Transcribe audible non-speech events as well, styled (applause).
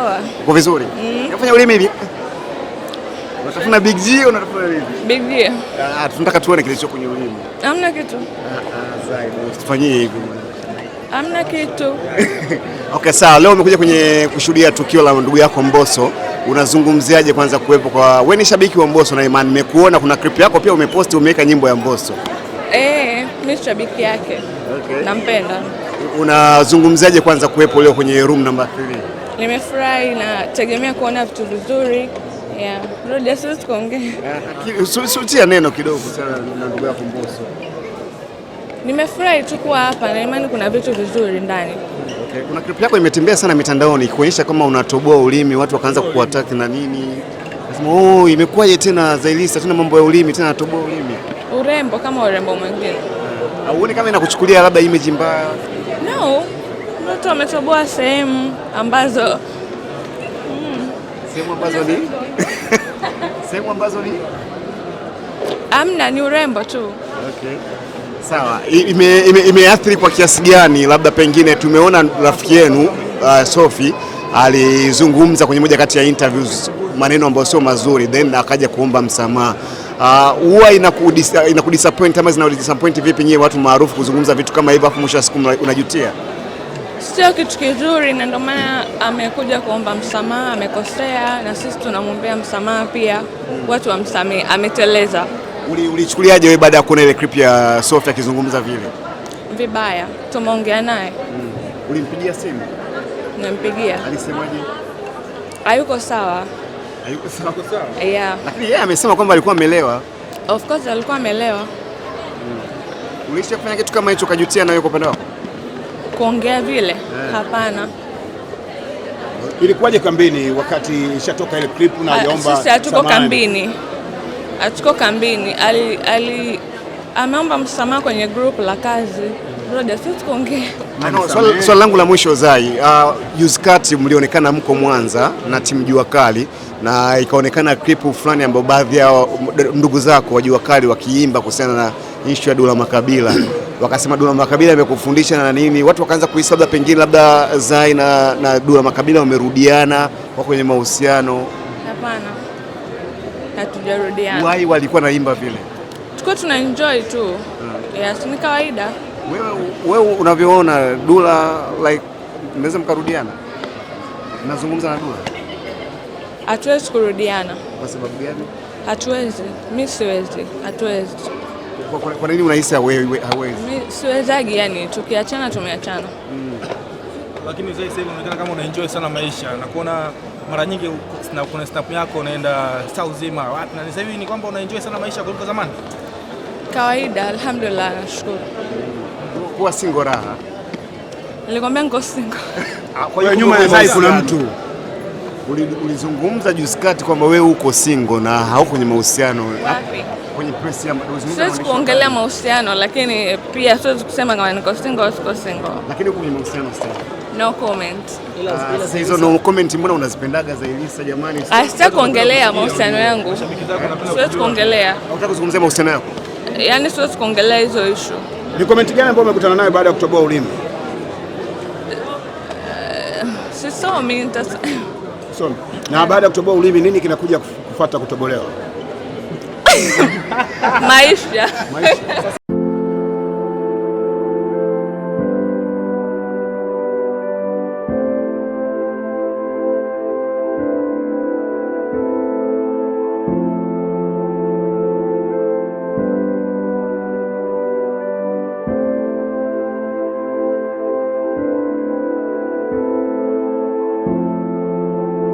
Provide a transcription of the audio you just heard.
Poa. Uko vizuri? Mm. Unafanya ulimi hivi? Unatafuna Big G au unatafuna nini? Big G. Ah, ah tunataka tuone kilicho kwenye ulimi. Hamna kitu. Ah, ah, usifanyie hivi. Hamna kitu. (laughs) Okay, sawa. Leo umekuja kwenye kushuhudia tukio la ndugu yako Mbosso. Unazungumziaje kwanza kuwepo kwa wewe ni shabiki wa Mbosso na imani nimekuona kuna clip yako pia umeposti umeweka nyimbo ya Mbosso. Eh, mimi shabiki yake. Okay. Nampenda. Unazungumziaje kwanza kuwepo leo kwenye room number 3? nimefurahi na tegemea kuona vitu vizuri. Yeah. neno kidogo sana na ndugu yako Mbosso. Nimefurahi tu kuwa hapa na imani kuna vitu vizuri ndani. Okay. Kuna clip yako imetembea sana mitandaoni kuonyesha kama unatoboa ulimi, watu wakaanza kukuattack na nini. Nasema, "Oh, imekuwaje tena Zailisa tena mambo ya ulimi tena natoboa ulimi." Urembo kama urembo mwingine. Hauoni kama inakuchukulia labda image mbaya? No wametoboa sehemu ambazo sehemu ambazo ni (laughs) sehemu ambazo ni amna, ni urembo tu. Okay. Sawa, imeathiri ime kwa kiasi gani? Labda pengine tumeona rafiki yenu uh, Sophie alizungumza kwenye moja kati ya interviews maneno ambayo sio mazuri, then akaja kuomba msamaha. Uh, huwa uh, inakudisappoint ama zinadisappoint vipi nyie watu maarufu kuzungumza vitu kama hivyo, afu mwisho wa siku unajutia? sio kitu kizuri, na ndio maana amekuja kuomba msamaha. Amekosea na sisi tunamwombea msamaha pia, watu wamsamehe, ameteleza. Ulichukuliaje wewe baada ya kuona ile clip ya Sofia akizungumza vile vibaya? Tumeongea naye mm. Ulimpigia simu? Nampigia. Alisemaje? Hayuko sawa. Hayuko sawa kwa sawa? Yeah. Lakini yeye amesema kwamba alikuwa amelewa. Of course alikuwa amelewa. Mm. Ulishafanya kitu kama hicho ukajutia na kwa upande wako? kuongea vile yeah. Hapana. Ilikuwaje kambini wakati ishatoka ile clip na aliomba? Ah, sisi hatuko kambini, hatuko kambini. Ali, ali ameomba msamaha kwenye group la kazi. Brother, Swali so, langu la mwisho Zai, juzi ah, kati mlionekana mko Mwanza na timu Jua Kali na ikaonekana clip fulani ambayo baadhi ya ndugu zako wa Jua Kali wakiimba kuhusiana na ishu ya Dula Makabila wakasema Dula Makabila imekufundisha na nini, watu wakaanza kuhesabu pengine labda Zai na, na Dula Makabila wamerudiana kwa kwenye mahusiano. Hapana, hatujarudiana. Wai walikuwa naimba vile, tuko tuna enjoy tu hmm. Yes, ni kawaida. Wewe wewe unavyoona Dula like mnaweza mkarudiana? Nazungumza na Dula, hatuwezi kurudiana. Kwa sababu gani? Hatuwezi, mimi siwezi, hatuwezi kwa, kwa nini unahisi hawezi? Siwezagi, yani tukiachana tumeachana. Mm. Lakini sasa inaonekana kama kama enjoy sana maisha na kuona mara nyingi kuna snap yako unaenda saa uzima wapi, na sasa hivi ni kwamba enjoy sana maisha kuliko zamani. Kawaida, alhamdulillah, nashukuru. Kuwa single raha. Nilikwambia niko single. (laughs) Ah, kwa hiyo nyuma ya zai kuna mtu ulizungumza juzi kati kwamba wewe uko single na hauko kwenye mahusiano. Wapi? kwenye press ya madozi. Siwezi kuongelea mahusiano lakini pia siwezi kusema kama niko single au siko single. Lakini kwenye mahusiano sasa. No comment. Ah, sasa hizo no comment mbona unazipendaga za Elisa jamani? Ah, Sitaki kuongelea mahusiano yangu. Siwezi kuongelea. Unataka kuzungumzia mahusiano yako? Yaani siwezi kuongelea hizo issue. Ni comment gani ambayo umekutana nayo baada ya kutoboa ulimi? Eh, sisomi. Sisomi. Na baada ya kutoboa ulimi nini kinakuja kufuata kutobolewa? Mas já. Mas...